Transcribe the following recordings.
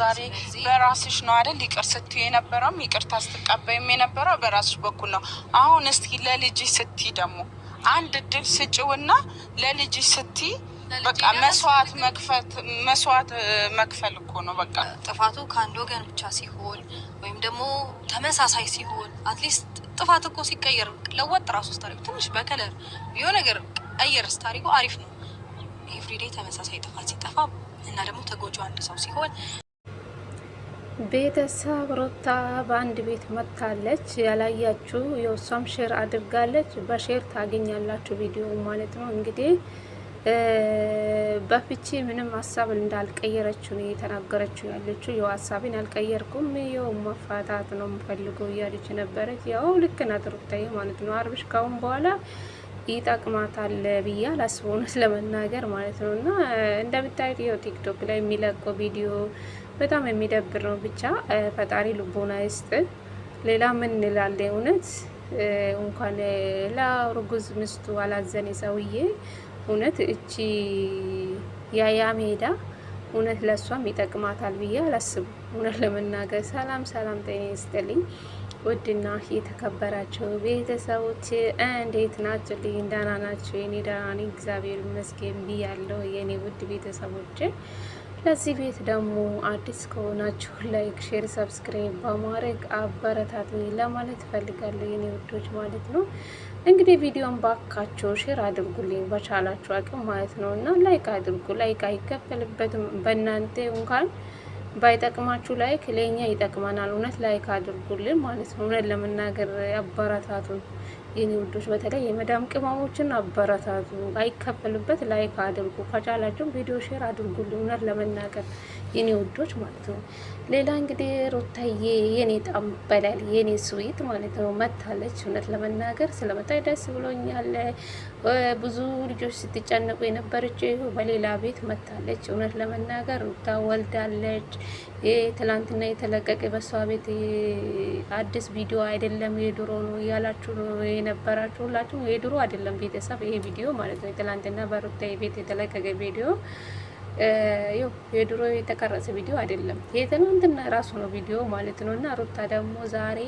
ዛሬ በራስሽ ነው አይደል? ይቅር ስትይ የነበረውም ይቅርታ ስትቀበይም የነበረው በራስሽ በኩል ነው። አሁን እስኪ ለልጅ ስቲ ደግሞ አንድ እድል ስጭውና ለልጅ ስቲ በቃ መስዋዕት መክፈት መስዋዕት መክፈል እኮ ነው። በቃ ጥፋቱ ከአንድ ወገን ብቻ ሲሆን ወይም ደግሞ ተመሳሳይ ሲሆን አትሊስት ጥፋት እኮ ሲቀየር ለወጥ ራሱ ታሪኩ ትንሽ በከለር ቢሆ ነገር ቀየር ታሪኩ አሪፍ ነው። ኤቭሪዴይ ተመሳሳይ ጥፋት ሲጠፋ እና ደግሞ ተጎጆ አንድ ሰው ሲሆን ቤተሰብ ሩታ በአንድ ቤት መታለች። ያላያችሁ የውሷም ሼር አድርጋለች። በሼር ታገኛላችሁ ቪዲዮ ማለት ነው። እንግዲህ በፍቺ ምንም ሀሳብ እንዳልቀየረችው ነው የተናገረችው ያለችው። የው ሀሳቤን አልቀየርኩም፣ የው መፋታት ነው የምፈልገው እያለች ነበረች። ያው ልክ ናት ሩታዬ ማለት ነው። አብርሽ ካሁን በኋላ ይጠቅማታል ብዬ አላስብ፣ እውነት ለመናገር ማለት ነው። እና እንደምታዩት ይኸው ቲክቶክ ላይ የሚለቀው ቪዲዮ በጣም የሚደብር ነው። ብቻ ፈጣሪ ልቦና ይስጥ። ሌላ ምን እንላለን? እውነት እንኳን ለርጉዝ ምስቱ አላዘን ሰውዬ እውነት እቺ ያያ ሜዳ እውነት ለእሷም ይጠቅማታል ብዬ አላስብም፣ እውነት ለመናገር። ሰላም ሰላም፣ ጤና ይስጥልኝ። ውድና የተከበራቸው ቤተሰቦች እንዴት ናቸው ልኝ እንዳና ናቸው? የኔ ደህና ነኝ እግዚአብሔር ይመስገን ብያለሁ። የኔ ውድ ቤተሰቦች ለዚህ ቤት ደግሞ አዲስ ከሆናችሁ ላይክ፣ ሼር፣ ሰብስክራይብ በማድረግ አበረታቱኝ ለማለት ፈልጋለሁ የኔ ውዶች ማለት ነው። እንግዲህ ቪዲዮን ባካቸው ሼር አድርጉልኝ በቻላችሁ አቅም ማለት ነው እና ላይክ አድርጉ። ላይክ አይከፈልበትም በእናንተ እንኳን ባይጠቅማችሁ ላይክ ለእኛ ይጠቅመናል። እውነት ላይክ አድርጉልን ማለት ነው። እውነት ለመናገር አበረታቱን። የኔ ውዶች በተለይ የመዳም ቅመሞችን አበረታቱ። አይከፈልበት ላይክ አድርጉ። ከቻላቸው ቪዲዮ ሼር አድርጉልኝ። እውነት ለመናገር የኔ ውዶች ማለት ነው። ሌላ እንግዲህ ሩታዬ የኔ ጣም በላል የኔ ስዊት ማለት ነው መታለች። እውነት ለመናገር ስለመጣች ደስ ብሎኛል። ብዙ ልጆች ስትጨነቁ የነበረች በሌላ ቤት መታለች። እውነት ለመናገር ሩታ ወልዳለች። ትላንትና የተለቀቀ በሷ ቤት አዲስ ቪዲዮ አይደለም የድሮ ነው እያላችሁ ነው የነበራችሁ ሁላችሁ የድሮ አይደለም ቤተሰብ ይሄ ቪዲዮ ማለት ነው። የትላንትና በሩታ ቤት የተለቀቀ ቪዲዮ የድሮ የተቀረጸ ቪዲዮ አይደለም። የትናንትና ራሱ ነው ቪዲዮ ማለት ነው። እና ሩታ ደግሞ ዛሬ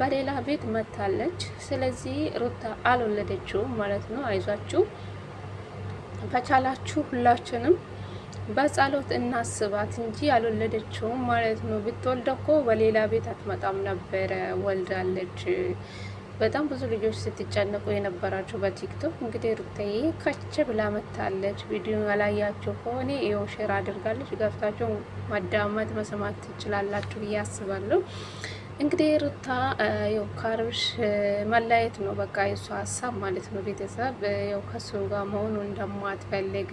በሌላ ቤት መታለች። ስለዚህ ሩታ አልወለደችውም ማለት ነው። አይዟችሁ በቻላችሁ ሁላችንም በጸሎት እናስባት እንጂ አልወለደችውም ማለት ነው። ብትወልድ እኮ በሌላ ቤት አትመጣም ነበረ። ወልዳለች። በጣም ብዙ ልጆች ስትጨነቁ የነበራቸው በቲክቶክ እንግዲህ ሩታዬ ከች ብላ መታለች። ቪዲዮ ያላያችሁ ከሆነ ይኸው ሼር አድርጋለች፣ ገብታቸው ማዳመጥ መስማት ትችላላችሁ ብዬ አስባለሁ። እንግዲህ ሩታ ያው ካርብሽ መለየት ነው በቃ የሱ ሀሳብ ማለት ነው። ቤተሰብ ያው ከሱ ጋር መሆኑ እንደማትፈልግ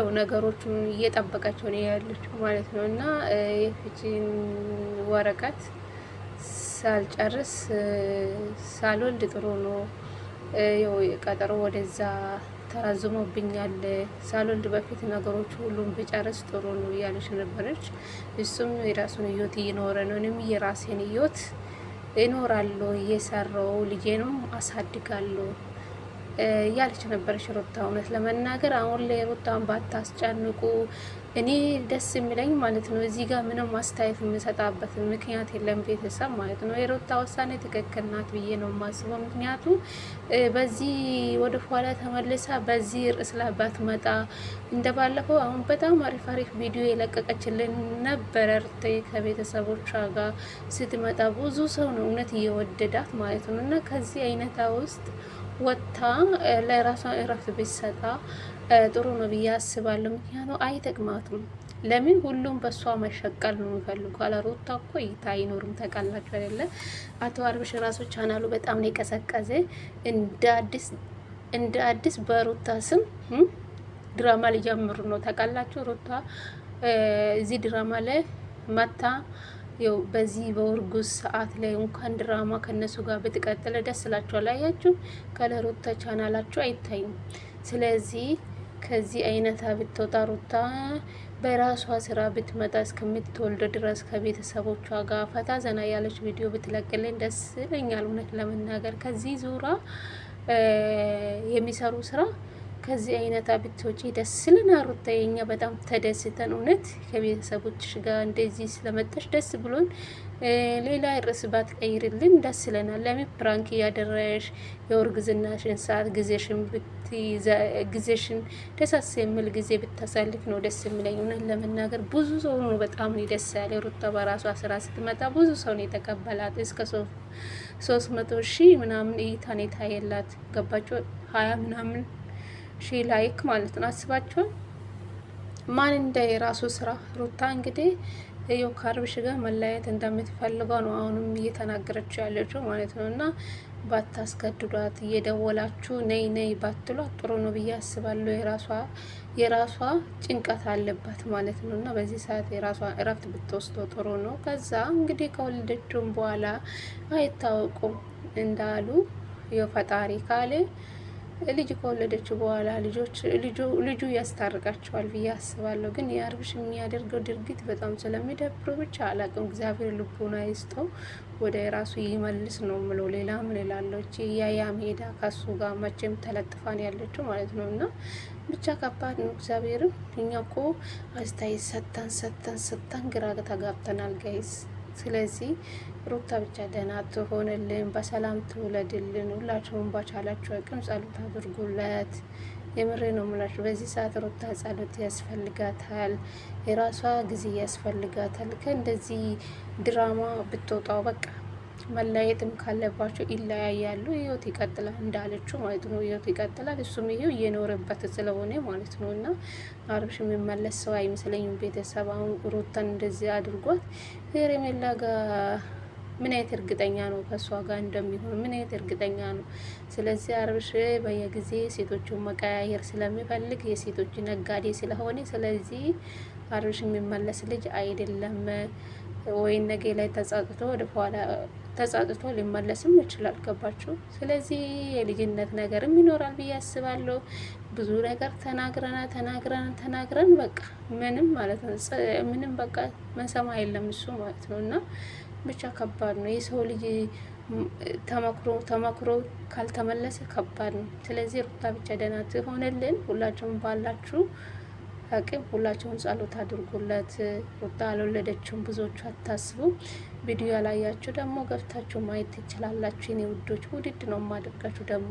ያው ነገሮቹን እየጠበቀችው ነው ያለችው ማለት ነው እና የፍቺን ወረቀት ሳልጨርስ ሳልወልድ ጥሩ ነው። ቀጠሮ ወደዛ ተራዝሞብኛል። ሳልወልድ በፊት ነገሮች ሁሉም ብጨርስ ጥሩ ነው እያለች ነበረች። እሱም የራሱን ህይወት እየኖረ ነው። እኔም የራሴን ህይወት እኖራለሁ፣ እየሰራው ልጄንም አሳድጋለሁ እያለች ነበረች ሩታ። እውነት ለመናገር አሁን ላይ ሩታን ባታስጨንቁ እኔ ደስ የሚለኝ ማለት ነው እዚህ ጋር ምንም አስተያየት የምሰጣበት ምክንያት የለም። ቤተሰብ ማለት ነው የሮታ ውሳኔ ትክክል ናት ብዬ ነው የማስበው። ምክንያቱ በዚህ ወደ ኋላ ተመልሳ በዚህ ርዕስ ላይ ባትመጣ እንደ ባለፈው አሁን በጣም አሪፍ አሪፍ ቪዲዮ የለቀቀችልን ነበረ። ርቴ ከቤተሰቦቿ ጋር ስትመጣ ብዙ ሰው ነው እውነት እየወደዳት ማለት ነው እና ከዚህ አይነታ ውስጥ ወጥታ ለራሷ እረፍት ብትሰጣ ጥሩ ነው ብዬ አስባለሁ። ምክንያቱም አይጠቅማትም። ለምን ሁሉም በእሷ መሸቀል ነው የሚፈልጉ? አለሮታ እኮ እይታ አይኖርም። ተቃላችሁ አይደለ? አቶ አርብሽ ራሱ ቻናሉ በጣም ነው የቀሰቀዘ። እንደ አዲስ በሮታ ስም ድራማ ሊጀምሩ ነው። ተቃላችሁ ሮታ እዚህ ድራማ ላይ መታ ያው በዚህ በውርጉዝ ሰዓት ላይ እንኳን ድራማ ከነሱ ጋር በተቀጠለ ደስ ላችኋል። አያችሁ ከለሩታ ቻናላችሁ አይታይም። ስለዚህ ከዚህ አይነት ብትወጣ ሩታ በራሷ ስራ ብትመጣ እስከምትወልድ ድረስ ከቤተሰቦቿ ጋር ፈታ ዘና ያለች ቪዲዮ ብትለቅልን ደስ ይለኛል። እውነት ለመናገር ከዚህ ዙራ የሚሰሩ ስራ ከዚህ አይነት አብቶች ደስ ልን አሩታ የኛ በጣም ተደስተን እውነት ከቤተሰቦችሽ ጋር እንደዚህ ስለመጣሽ ደስ ብሎን ሌላ ርዕስ ባትቀይርልን ደስ ይለናል። ለምን ፕራንክ እያደረሽ የወርግዝናሽን ሰዓት ጊዜሽን ጊዜሽን ደሳስ የሚል ጊዜ ብታሳልፍ ነው ደስ የሚለኝ። እውነት ለመናገር ብዙ ሰው ነው በጣም ደስ ያለ ሩታ በራሷ ስራ ስትመጣ ብዙ ሰው ነው የተቀበላት። እስከ ሶስት መቶ ሺህ ምናምን እይታኔታ የላት ገባቸው ሀያ ምናምን ሺ ላይክ ማለት ነው። አስባችሁን ማን እንደ የራሱ ስራ ሩታ እንግዲህ ይኸው ከአብርሽ ጋር መለያየት እንደምትፈልገው ነው አሁንም እየተናገረችው ያለችው ማለት ነው። እና ባታስገድዷት እየደወላችሁ ነይ ነይ ባትሏት ጥሩ ነው ብዬ አስባለሁ። የራሷ የራሷ ጭንቀት አለባት ማለት ነው። እና በዚህ ሰዓት የራሷ እረፍት ብትወስደው ጥሩ ነው። ከዛ እንግዲህ ከወለደችም በኋላ አይታወቁም እንዳሉ የፈጣሪ ካለ ልጅ ከወለደች በኋላ ልጆች ልጁ ያስታርቃቸዋል ብዬ አስባለሁ። ግን የአብርሽ የሚያደርገው ድርጊት በጣም ስለሚደብሩ ብቻ አላቅም። እግዚአብሔር ልቡና ይስጠው ወደ ራሱ ይመልስ ነው ምለው። ሌላ ምን ላለች ያያ ሜዳ ከሱ ጋር መቼም ተለጥፋን ያለችው ማለት ነው እና ብቻ ከባድ ነው። እግዚአብሔርም እኛ ኮ አስተያየት ሰተን ሰተን ሰተን ግራ ተጋብተናል ጋይስ። ስለዚህ ሩታ ብቻ ደህና ትሆንልን፣ በሰላም ትውለድልን። ሁላችሁም ባቻላችሁ አቅም ጸሎት አድርጉለት። የምሬ ነው የምላችሁ። በዚህ ሰዓት ሩታ ጸሎት ያስፈልጋታል፣ የራሷ ጊዜ ያስፈልጋታል። ከእንደዚህ ድራማ ብትወጣው በቃ መለያየትም ካለባቸው ይለያያሉ። ህይወት ይቀጥላል እንዳለችው ማለት ነው። ህይወት ይቀጥላል። እሱም ይሄው እየኖረበት ስለሆነ ማለት ነው። እና አብርሽ የሚመለስ ሰው አይመስለኝም። ቤተሰብ አሁን ሩታን እንደዚህ አድርጓት ሄሬሜላ ጋር ምን አይነት እርግጠኛ ነው ከእሷ ጋር እንደሚሆን ምን አይነት እርግጠኛ ነው? ስለዚህ አብርሽ በየጊዜ ሴቶችን መቀያየር ስለሚፈልግ የሴቶች ነጋዴ ስለሆነ ስለዚህ አብርሽ የሚመለስ ልጅ አይደለም። ወይም ነገ ላይ ተጸጽቶ ወደ ኋላ ተጻጽቶ ሊመለስም ይችላል። ገባችሁ? ስለዚህ የልጅነት ነገርም ይኖራል ብዬ አስባለሁ። ብዙ ነገር ተናግረና ተናግረን ተናግረን በቃ ምንም ማለት ነው ምንም በቃ መሰማ የለም እሱ ማለት ነው። እና ብቻ ከባድ ነው የሰው ልጅ ተመክሮ ተመክሮ ካልተመለሰ ከባድ ነው። ስለዚህ ሩታ ብቻ ደህና ትሆንልን። ሁላችሁም ባላችሁ ሐቂም ሁላቸውን ጸሎት አድርጉለት። ሩታ አልወለደችውም ብዙዎቹ አታስቡ። ቪዲዮ ያላያችሁ ደግሞ ገብታችሁ ማየት ትችላላችሁ። የኔ ውዶች ውድድ ነው የማደርጋችሁ ደግሞ